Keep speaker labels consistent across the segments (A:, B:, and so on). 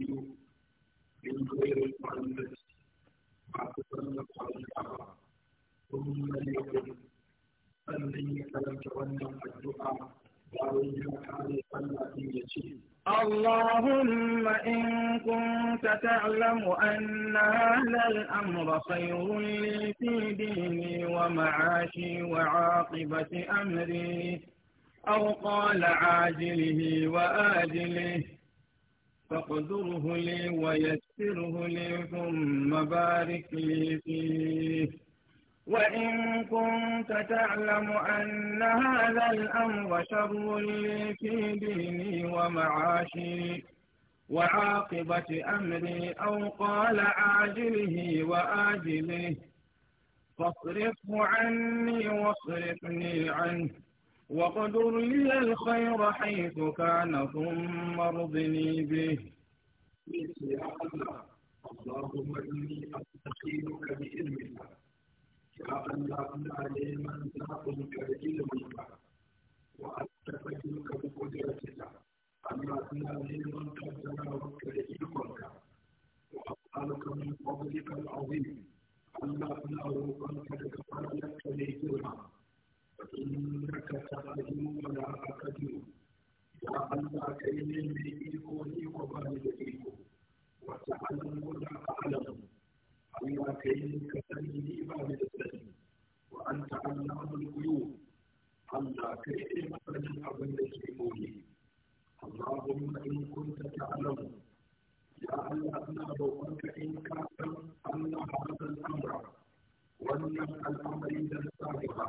A: ثم
B: اللهم إن كنت تعلم أن هذا الأمر خير لي في ديني ومعاشي وعاقبة أمري أو قال عاجله وآجله فاقدره لي ويسره لي ثم بارك لي فيه وإن كنت تعلم أن هذا الأمر شر لي في ديني ومعاشي وعاقبة أمري أو قال عاجله وآجله فاصرفه عني واصرفني عنه وقدر لي الخير حيث كان ثم ارضني به
A: يا الله اللهم إني أستخيرك بإذنك يا الله عليما تأخذك بإذنك وأستخدمك بقدرتك الله عليما تتناولك بإذنك وأسألك من فضلك العظيم الله لا روحا قد كفر لك لي فإنك تقدم ولا أقدم يا الله كيني بإيكو إيكو وتعلم ولا أعلم الله كيني كتني بالي إيكو وأنت علام الغيوب الله كيني مثلا أبن إيكوني اللهم إن كنت تعلم يا أنا بوأك إن كان أن هذا الأمر وأن الأمر إذا سابقا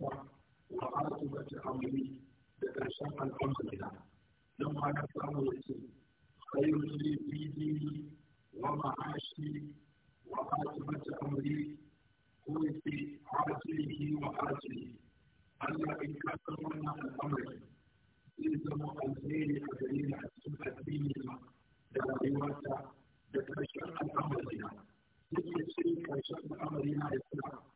A: الخلق وعاقبة أمره بأشان الحمد لله لما كفاه يسير خير لي في ديني ومعاشي وعاقبة أمري هو في عاجله وآجله ألا إن كان الأمر يلزم الخير أجرين حسب ديننا دعوات بأشان الأمر لنا لكي شيء أشان أمرنا إسلام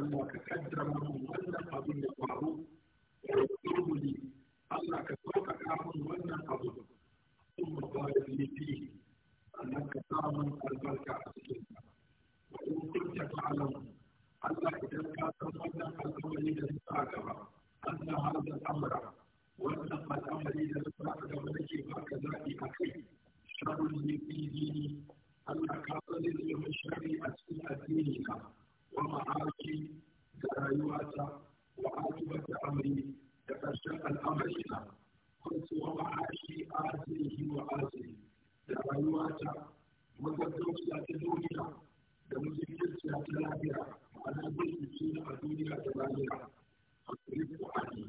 A: Allah ka kaddara mun wannan abin da faru ويقول لي أنك سوف تعمل وأنا أظن ثم بارك لي فيه أنك تعمل البركة أسكنها وإن كنت تعلم أنك إذا كان وأنا الأمر إذا استعجب أن هذا الأمر وأن الأمر إذا استعجب لك هكذا أخي شر لي في ديني أنك أصل لي من شر أسكن ديننا ومعاشي كرايواتا وعاقبة أمري تكشف الأمر قلت ومعاشي آسره وآسره كرايواتا وقد توسع الدنيا لمسكت يا كلابها وأنا بالمسكين الدنيا كبائرة أصرف عني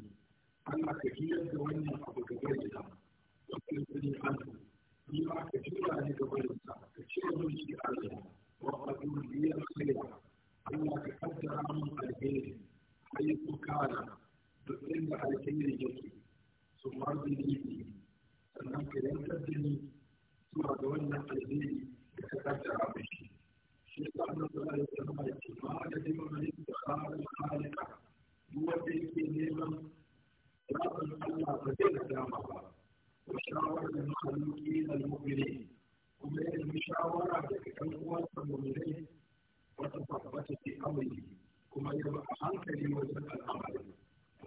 A: أنا كثير دواني أبو كبيرة وكلمني عنه لما كثيرة لكبيرة كثير من شيء عليها da halittar da yake su mazi ne sannan ka yantar da ni zuwa ga wannan alheri da ka kaddara mai shi shi da Allah ta ala ta nama ya ce ma da dai wani da tsarin halika duk wanda yake neman zaɓin Allah ba zai da dama ba wa shawarar da mahaluki na mu'mini kuma ya nemi shawara daga ɗan uwansa mu'minai wata tabbata ke amali kuma ya ba a hankali wajen al'amarin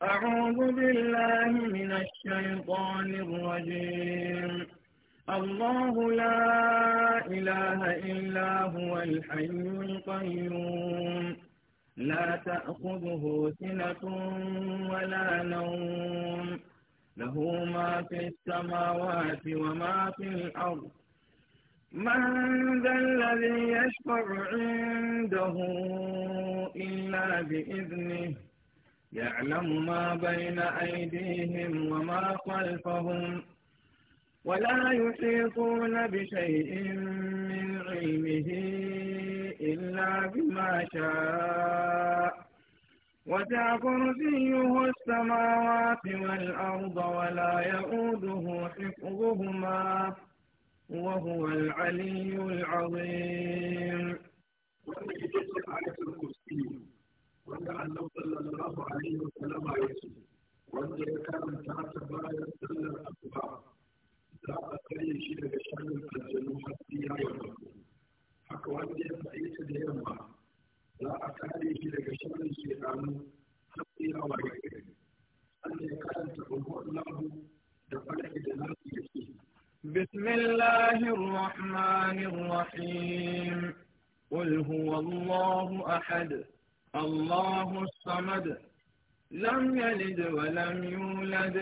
B: أعوذ بالله من الشيطان الرجيم الله لا إله إلا هو الحي القيوم لا تأخذه سنة ولا نوم له ما في السماوات وما في الأرض من ذا الذي يشفع عنده إلا بإذنه يعلم ما بين أيديهم وما خلفهم ولا يحيطون بشيء من علمه إلا بما شاء وسع كرسيه السماوات والأرض ولا يؤوده حفظهما وهو العلي
A: العظيم ومن على الكرسي wanda Allah sallallahu alaihi wa sallam ya ce wanda ya karanta ta bayan sallar asuba za a kare shi daga sharrin aljanu har sai ya yarda haka wanda ya faɗi ta da yamma za a kare shi daga sharrin shekaru har sai ya waye gari Allah ya karanta Allahu da falaki da nasu yake بسم الله
B: الرحمن الرحيم قل هو الله أحد الله الصمد لم يلد ولم يولد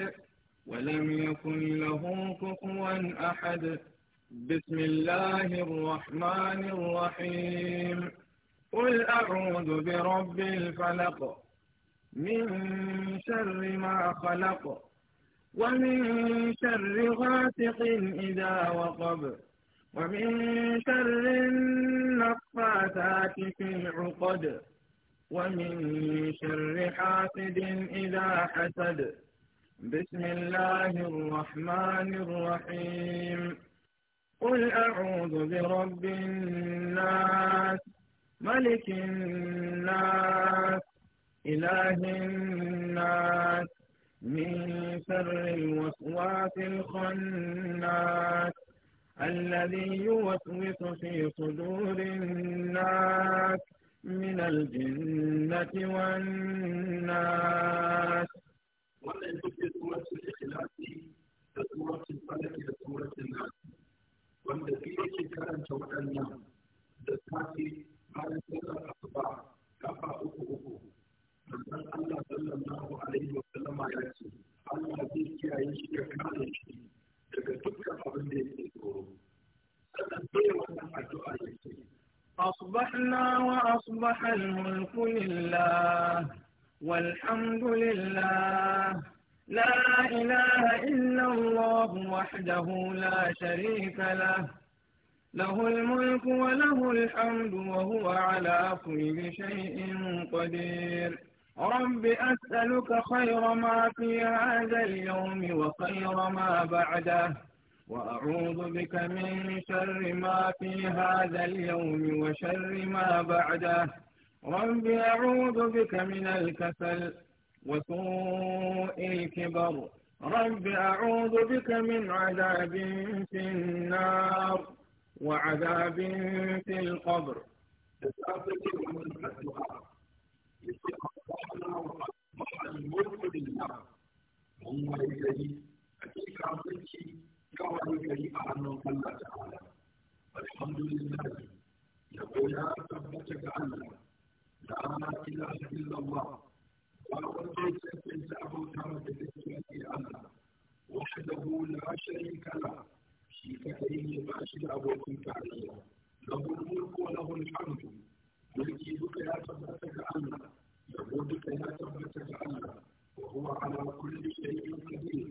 B: ولم يكن له كفوا أحد بسم الله الرحمن الرحيم قل أعوذ برب الفلق من شر ما خلق ومن شر غاسق إذا وقب ومن شر النفاثات في العقد ومن شر حاسد إذا حسد بسم الله الرحمن الرحيم قل أعوذ برب الناس ملك الناس إله الناس من شر الوسواس الخناس الذي يوسوس في صدور الناس من الجنة والناس
A: wannan ita ce suratul ikhlasi da suratul falaq da suratul nas wanda shi yake karanta waɗannan da safe bayan sallar asuba kafa uku uku sannan Allah sallallahu alaihi wa sallama ya ce Allah zai kiyaye shi ya daga dukkan abin da yake tsoro sannan sai wannan addu'a yake
B: أصبحنا وأصبح الملك لله والحمد لله لا إله إلا الله وحده لا شريك له له الملك وله الحمد وهو على كل شيء قدير رب أسألك خير ما في هذا اليوم وخير ما بعده وأعوذ بك من شر ما في هذا اليوم وشر ما بعده رب أعوذ بك من الكسل وسوء الكبر رب أعوذ بك من عذاب في النار وعذاب
A: في القبر Allah ya yi, a cikin kafirci كما يجري عنه الله تعالى الحمد لله يقول ثبتك الله لا اله الا الله وأرضيت أنت أبو ترى بالإسلام الله وحده لا شريك له شفتين باشد أبو تعالى له الملك وله الحمد ملكي بك ثبتك الله يقول بك ثبتك الله وهو على كل شيء قدير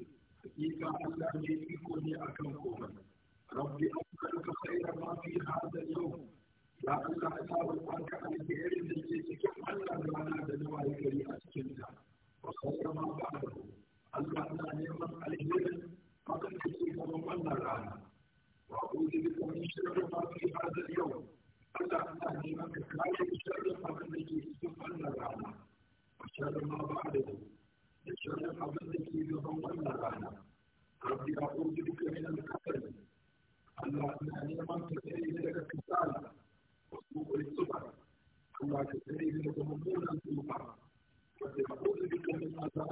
A: حقيقة الله يكون أكرمكم رب أسألك خير ما في هذا اليوم يا الله لا أسألك أن تعلم الجيش الله لنا دنوائك لأسكنك وخير ما بعده الله لا نعمة عليهم فقد كسب ومن رانا وأعوذ بك من شر ما في هذا اليوم الله لا نعمة عليك من عذاب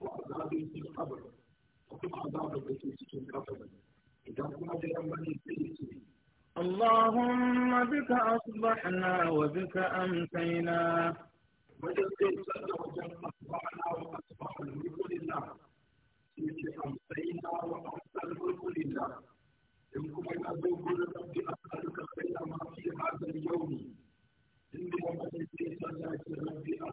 A: وعذاب اللهم
B: بك أصبحنا وبك أمسينا وجدت
A: سنة الملك لله الملك لله قومي إن محمد صلى الله عليه وسلم في أرض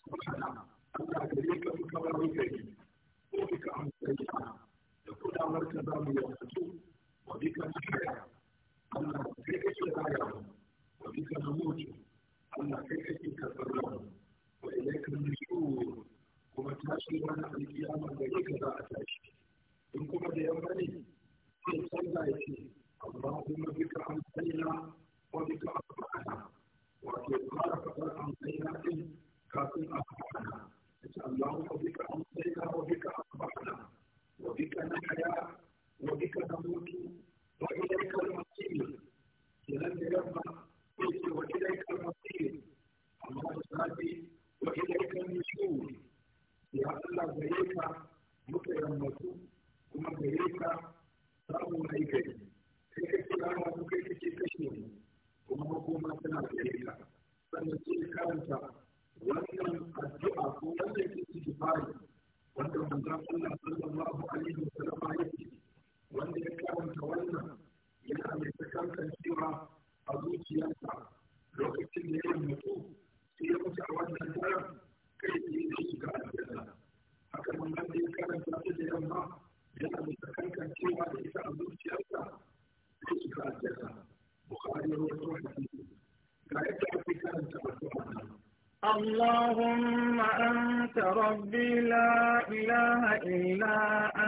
A: koma gare ka sannan sai karanta wannan addu'a ko wannan istighfari wanda manzon Allah sallallahu alaihi wasallam ya ce wanda ya karanta wannan yana mai sakankan cewa a zuciyarsa lokacin da ya mutu sai ya mutu a wannan daren kai tsaye da shiga aljanna haka nan wanda ya karanta ta da yamma yana mai sakankan cewa da ita a zuciyarsa sai shiga aljanna bukhari ya rawaito hadisi
B: اللهم أنت ربي لا إله إلا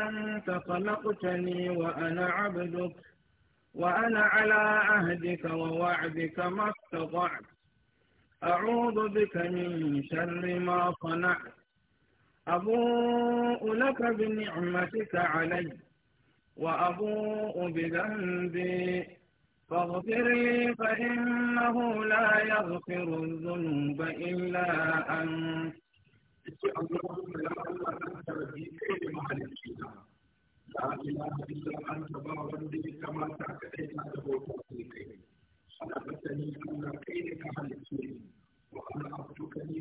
B: أنت خلقتني وأنا عبدك وأنا على عهدك ووعدك ما استطعت أعوذ بك من شر ما صنعت أبوء لك بنعمتك علي وأبوء بذنبي فاغفر لي فإنه لا يغفر الذنوب إلا أنت
A: كيف لا إله إلا أنت بابندي كما تعتقدنا أنا على علمتني وأنا عبدك لي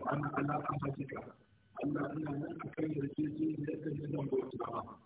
A: وأنا على أحدك ألا أنا لن أكيد جزيلة من